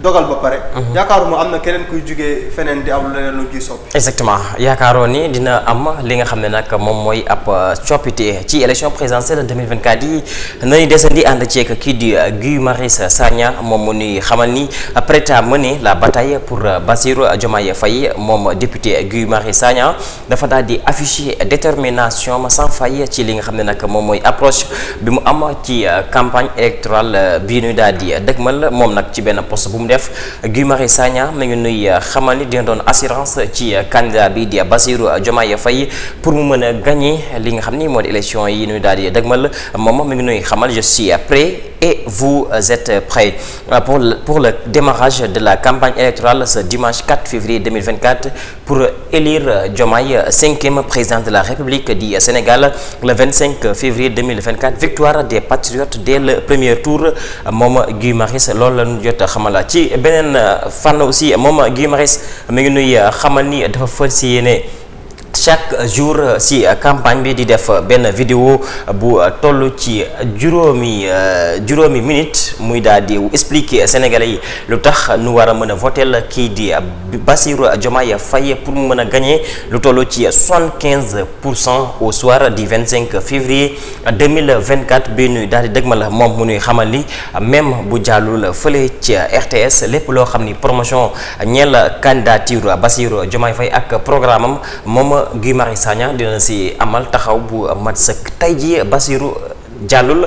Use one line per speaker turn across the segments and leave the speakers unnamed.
dogal ba pare. Mhm. yaakaaruma am na keneen kuy jugee feneen di am lu leneen lu
exactement yaakaaroo ni dina am li nga xam ne nag moom mooy ab euh, coppite ci élection présidentielle 2024 yi nañu desandi ànd ceeg kii di euh, Guy sa Sagna moom mu ni xamal ni prêt à mener la bataille pour euh, Bassirou Diomaye fay moom député Guy Marius Sagna dafa daal di afficher détermination sans faille ci li nga xam ne nag moom mooy approche bi mu am ci campagne électorale bi ñu daal di moom nag ci benn def Guy Marius Sagna ma ngi nuy euh, xamal ni dina doon assurance ci euh, candidat bi di a Bassirou Diomaye fay pour mu mën a gagner li nga xam ni moo di élection yi nuy daal di dëgmal moom mi ngi nuy xamal je suis et vous euh, êtes prêts euh, pour le, pour le démarrage de la campagne électorale ce dimanche 4 février 2024 pour élire euh, Diomaye cinquième président de la République di Sénégal le 25 février 2024 victoire des Patriotes dès le premier tour moom Guy Marius loolu la ñu jot xamala ci beneen fànn aussi moom Guy Marius mi ngi nuy xamal ni dafa fas yéene chaque euh, jour ci euh, euh, campagne bi di def benn vidéo bu toll ci juróomi juróomi minute muy daal di expliquer Sénégalais yi lu tax nu war a mën a votel kii di a Bassirou Diomaye Faye pour mu mën a gagner lu toll ci soixante-quinze pour cent au soir di vingt-cinq février deux mille vingt-quatre bi nuy daal di dëgmal moom mu nuy xamal ni même bu la fële ci RTS lépp loo xam ni promotion ñeel candidature Bassirou Diomaye Faye ak programme moom Guy Marius Sagna dina si amal taxaw bu mat sëkk tey jii Bassirou jàllul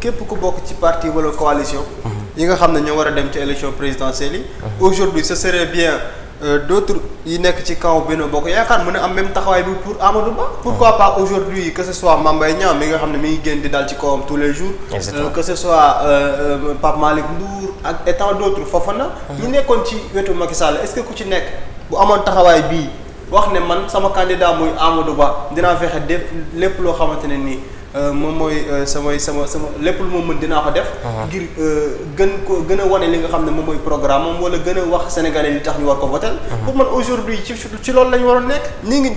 képp ku bokk ci parti wala coalition. yi nga xam ne ñoo war a dem ci élection présidentielle yi. Uh-huh. aujourd'hui ce serait bien euh, d'autres yi nekk ci camp Benno Bokk Yaakaar mën ne am même taxawaay bi pour Amadou Ba. Uh-huh. pourquoi pas aujourd'hui que ce soit Mame Mbaye Niang mi nga xam ne mi ngi génn di dal ci kawam tous les jours. Euh, que ce soit euh, Pape Malick Ndour ak et tant d'autres Fofana. Uh-huh. ñu nekkoon ci wetu Macky Sall est-ce que ku ci nekk bu amoon taxawaay bii wax ne man sama candidat muy Amadou Ba dinaa fexe def lépp loo xamante ne nii. Euh, moom mooy euh, samay sama sama lépp lu moom mën dinaa ko def. Uh-huh. ngir euh, gën ko gën a wane li nga xam ne moom mooy programme moom wala gën a wax sénégalais li tax ñu war ko votel uh-huh. pour man aujourd'hui ci ci loolu la ñu waroon nekk. nii ngi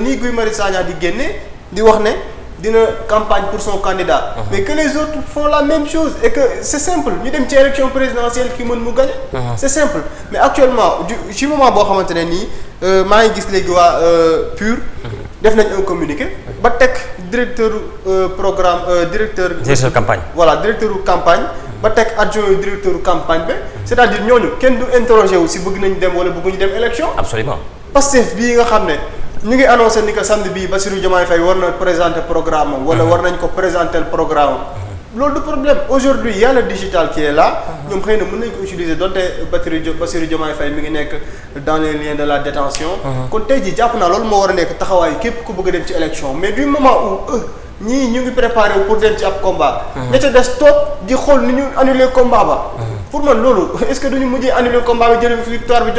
nii Guy Marius Sagna di génne di wax ne dina campagne pour son candidat. Uh-huh. mais que les autres font la même chose et que c'est simple ñu dem ci élection présidentielle ki mën mu gagne. c'est simple mais actuellement du ci moment boo xamante ne nii maa ngi gis léegi waa pur. def nañ un communiqué ba tek directeur euh, programme euh, directeur. directeur campagne. voilà directeur campagne. ba tek adjoint yu directeur campagne bi c'est-à-dire ñooñu kenn du interroger wu si bëgg nañ dem wala bëgguñu dem élection. absolument Pastef bii nga xam ne ñu ngi annoncé ni que samedi bii Bassirou Diomaye Faye war na présenter programme am. wala mhm. war nañ ko présenter programme loolu du problème aujourd'hui y a le digital qui est là. ñoom xëy na mën nañu ko utiliser donte Bassirou Bassirou Diomaye Faye mi ngi nekk dans les liens de la détention uh-huh. kon tey jii jàpp naa loolu moo war a nekk taxawaay képp ko bëgg a dem ci élection mais du moment où euh, ñii ñu ngi préparé pour dem ci ab combat. nga uh-huh. ca des toog di xool ni ñu annuler combat ba. Uh-huh. pour man loolu est-ce que duñu mujjee annuler combat bi jël victoire bi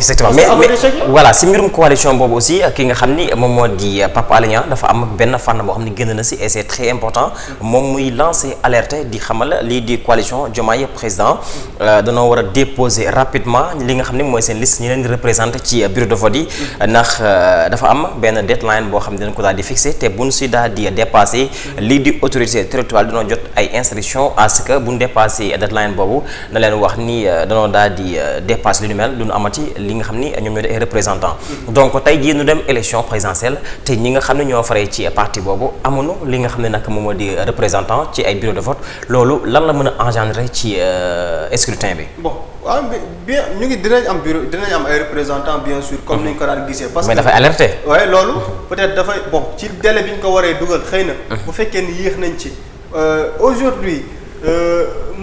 exactement mais mais voilà si
mbirum coalition boobu aussi ki nga xam ni moom moo di Pape Alé dafa am benn fànn boo xam ne génn na si et c'est très important moom muy lancer alerte di xamal lii di coalition Diomaye président euh, danoo war a déposer rapidement li nga xam ne mooy seen liste ñi leen représenté ci bureau de vote yi ndax euh, dafa am benn deadline boo xam ne dañ ko daal di fixé te buñ si daa di dépassé lii di autorité territoriale dañoo jot ay à que buñ dépassé deadline boobu. na leen wax ni euh, danoo daal di euh, dépasse li ñu mel amati li nga xam ni ñoom ñoo di ay mm-hmm. donc tey jii ñu dem élection présidentielle te ñi nga xam ne ñoo faree ci parti boobu amuñu li nga xam ne nag moom moo di euh, représentant ci ay bureau de vote loolu lan la mën a engendrer ci scrutin bi. bon
waaw bien ñu ngi dinañ am bureau dinañ am ay représentants bien sûr. comme ni ñu ko daan gisee. parce que mais dafay alerté. waaye loolu mm-hmm. peut-être dafay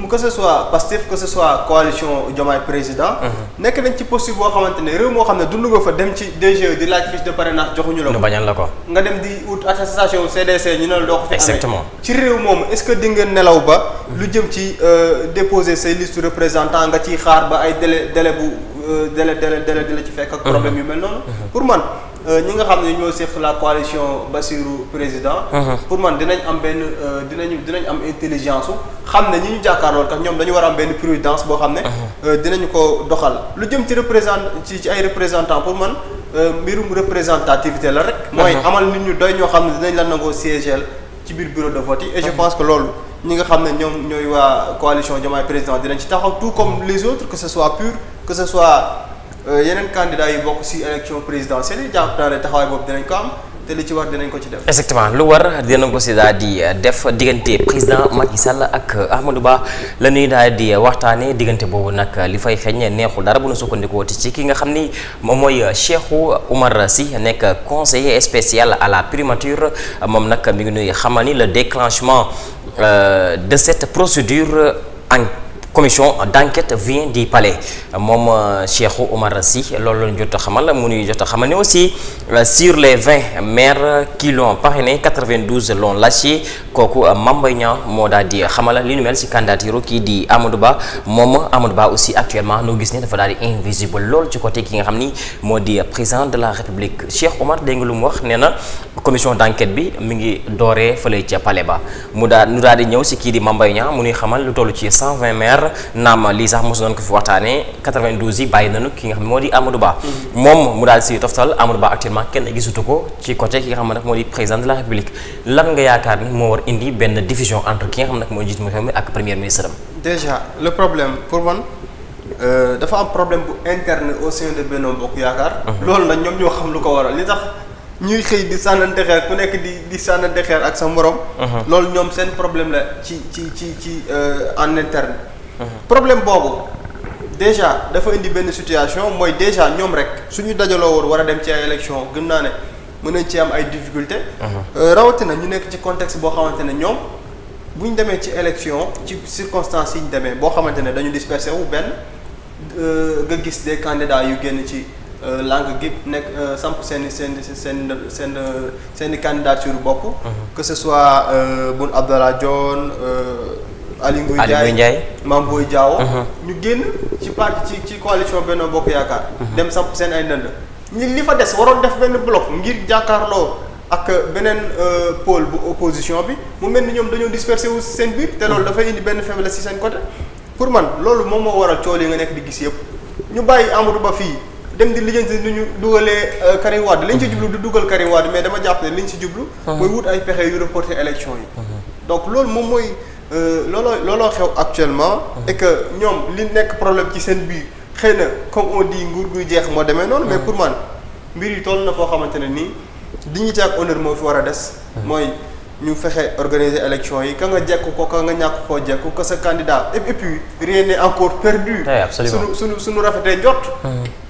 que ce soit Pastef que ce soit coalition Diomaye président. Uh-huh. nekk nañ ci posture boo xamante ne réew moo xam ne dund nga fa dem ci DGE di laaj fiche de parrainage joxuñu la ko. ñu bañal la ko. nga dem di wut attestation CDC ñu ne la doo ko fi amee. exactement ci réew moom est-ce que di nga nelaw ba. lu jëm ci euh, déposer say liste représentant nga ciy xaar ba ay délai délai bu euh, délai délai délai di la ci fekk. ak uh-huh. problème yu mel noonu. Uh-huh. pour man. Euh, ñi nga xam ne ñoo seq la coalition Bassirou président. pour man dinañ am benn euh, dinañu dinañ am intelligence su xam ne ñi ñu jàkkaarloo kat ñoom dañu war am benn prudence boo xam ne. Euh, dinañu ko doxal lu jëm ci représent ci ay représentants pour man mbirum représentativité la rek. mooy amal nit ñu doy ñoo xam ne dinañ la nangoo siégel ci biir bureau de vote yi. et je pense que loolu. ñi nga xam ne ñoom ñooy waa coalition Diomaye président dinañ ci taxaw tout comme les autres que ce soit PUR Euh, yeneen candidat yu bokk ci élection présidentielle yi jàpp naa ne taxawaay boobu dinañ ko am te li ci war dinañ ko ci def.
exactement lu war dinañ ko si daal di euh, def diggante président Macky Sall ak euh, Amadou Ba la ñuy daal di waxtaanee diggante boobu nag li fay xeeñ neexul dara bu nu sukkandikoo ci ki nga xam ni moom mooy Cheikhou Oumar si nekk conseiller spécial à la primature moom nag mi ngi nuy xamal ni la déclenchement de cette procédure en. commission d'enquête vient du palais moom euh, Cheikh Oumar Sy loolu lañu jot a xamal mu nuy jot a xamal ne aussi euh, sur les 20 maires qui l'ont parrainé 92 l'ont lâché kooku euh, Mame Mbaye Niang moo daal di xamal li nu mel ci candidature kii di Amadou Ba moom Amadou Ba aussi actuellement noo gis ne dafa daal di invisible lool ci côté ki nga xam ni moo di président de la République Cheikh Oumar dégg nga lu mu wax nee na commission d'enquête bi mi ngi dooree fële ca palais ba mu daal ñu daal di leer naam lii sax mos nañ ko fi waxtaanee 92 yi bàyyi nañu ki nga xam ne moo di Amadou Ba moom mu daal si toftal Amadou Ba actuellement kenn gisutu ko ci côté ki nga xam ne nag moo di président de la République lan nga yaakaar ni moo war indi benn division entre ki nga xam ne nag moo jiit mu xam ak premier ministre am
déjà le problème pour man euh, dafa am problème bu interne au sein de Benno Bokk Yaakaar mhm. loolu nag ñoom problème boobu déjà dafa indi benn situation mooy déjà ñoom rek suñu dajaloo woon war a dem ci ay élection gën naa ne mën nañ ci am ay difficulté mhm. euh, rawatina ñu nekk ci contexte boo xamante ne ñoom bu ñu demee ci élection ci circonstances yi ñu demee boo xamante ne dañu dispersé wu benn euh, nga gis des candidats yu génn ci euh, langue gi nekk samp seen seen seen seen seen i candidature bokk mhm. que ce soit Boun Abdallah Dionne Aly Ngouille Ndiaye Mame Boye Diao mhm. ñu génn ci parti ci ci coalition Benno Bokk Yaakaar mhm. dem samp seen ay ndënd ñi li fa des waroon def benn bloc ngir jàkkaarloo ak euh, beneen euh, pôle bu opposition bi mu mel ni ñoom dañoo dispersé wu seen biir te loolu mhm. dafay indi benn faiblesse ci seen côté pour man loolu moom moo waral coow yi nga nekk di gis yëpp ñu bàyyi Amadou Ba fii dem di lijjanti nu ñu dugalee euh, Karim Wade liñ ci jublu du dugal Karim Wade mais dama jàpp ne liñ ci jublu mooy wut ay pexe yu reporter élection yi Euh, looloo looloo xew actuellement. Uh-huh. et ñoom li nekk problème ci seen biir xëy na comme on dit nguur guy jeex moo demee noonu. mais uh-huh. pour man mbir yi toll na foo xamante ne nii dignité ak honneur moo fi war a des. Uh-huh. mooy ñu fexe organiser élection yi ka nga jekk ko ka nga ñàkk koo jekk ko sa candidat et puis rien n'est encore perdu. suñu su suñu rafetee jot.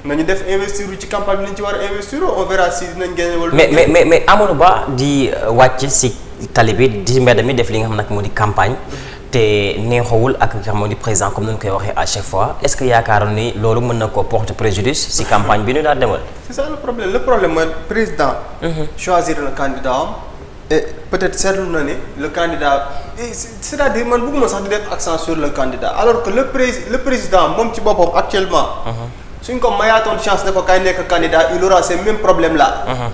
na ñu def investir ci campagne bi li ñu ci war a investir on verra si dinañ génne wala. mais mais
mais Amadou Ba di euh, wàcc si. tali bi di mbedd mi def li nga xam nag moo di campagne te neexawul ak nga xam moo di président comme nañu koy waxee à chaque fois est-ce que yaakaaroon ni loolu mën na koo porter préjudice ci campagne bi ñu daal demal
c'est ça le problème le problème mooy na ne mhm. le candidat c'est-à-dire man bëgguma sax di accent sur le candidat alors que le président moom ci boppam actuellement mhm. suñ ko mayaatoon chance ne ko kay nekk candidat il aura ces mêmes problèmes là mhm.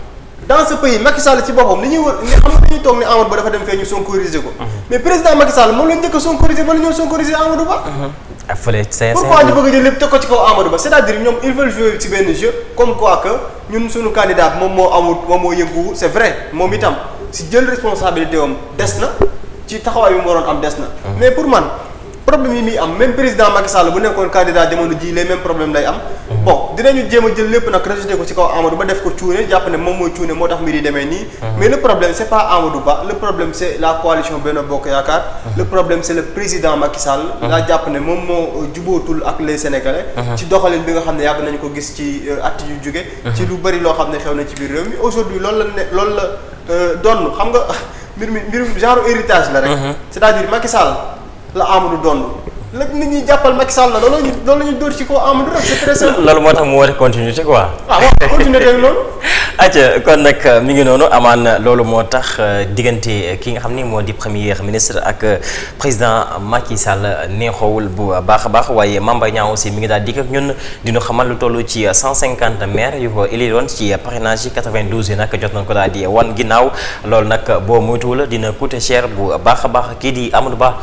dans ce pays Macky Sall ci boppam li ñuy wër ni xam nga dañuy toog ni Amadou Ba dafa dem fee ñu sonkoriser ko. Mhm. mais président Macky Sall moom la njëkk a sonkoriser ba la ñoo sonkoriser Amadou Ba. Mhm.
ak ah, fële CSA pourquoi ñu bëgg
a jël lépp teg ko ci kaw Amadou Ba c'est-à-dire ñoom ils ci benn jeu comme quoi que ñun suñu candidat moom moo amul moom moo yëngu c'est vrai moom itam si jël responsabilité am des na ci taxawaay bi mu am des na. Mhm. mais pour man. problème yi muy am même président Macky Sall bu nekkoon candidat jamono ji les mêmes problèmes lay am. bon dinañu jéem a jël lépp nag ko ci kaw Amadou Ba def ko cuune jàpp ne moom mooy cuune moo tax mbir yi demee nii. mais le problème c' est pas Amadou Ba le problème la problème c' jàpp ne moom moo euh, jubootul ak les sénégalais. ci doxalin bi nga xam ne yàgg nañu ko gis ci euh, at yu jóge. ci lu bëri loo xam ne xew na ci biir mi aujourd'hui loolu la ne loolu la euh, donn xam nga mbir mi mbirum genre héritage la rek. c' à dire Macky Sall. la Amadou doon lépp nit ñi jàppal Macky la loolu la ñu loolu la ñu dóor ci ko Amadou rek loolu moo
tax mu war a continuité quoi.
Ah, waaw waaw continuité ak loolu.
nag euh, mi ngi noonu amaan loolu moo tax euh, diggante euh, ki nga xam ni moo di premier ministre ak président Macky Sall neexoowul bu baax a baax waaye Mame Mbaye Niang mi ngi daal dikk ak ñun dinu xamal lu toll ci 150 maires yu ko éliroon ci parrainage yi 92 yi nag jot nañ ko daal di wan ginnaaw loolu nag boo moytuwul dina coûter cher bu baax a baax kii di Amadou Ba.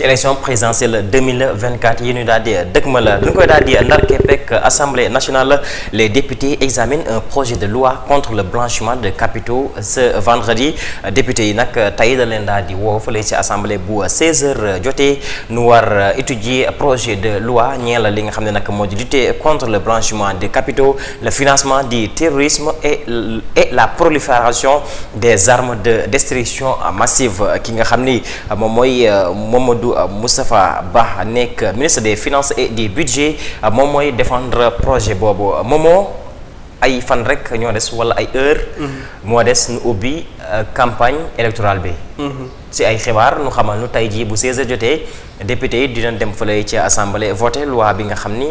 ci élection présidentielle 2024 yi ñu daal di dëgmal dañu koy daal di assemblée nationale les députés examinent un projet de loi contre le blanchiment de capitaux ce vendredi député yi nag tey da leen daal di woo fële ci assemblée bu 16h jotee nu war étudier projet de loi ñeela li nga xam ne nag moo di lutter contre le blanchiment de capitaux le financement du terrorisme et et la prolifération des armes de destruction massive ki nga xam Euh, Mamadou Ba nekk ministre des finances et des budgets euh, moom mooy défendre projet boobu moomoo ay fan rek ñoo des wala ay heure mhm. moo des nu ubbi euh, campagne électorale bi ci mhm. ay xibaar nu xamal nu tey jii bu 16 jotee député yi dina dem fële ci assemblée voter loi bi nga xam ni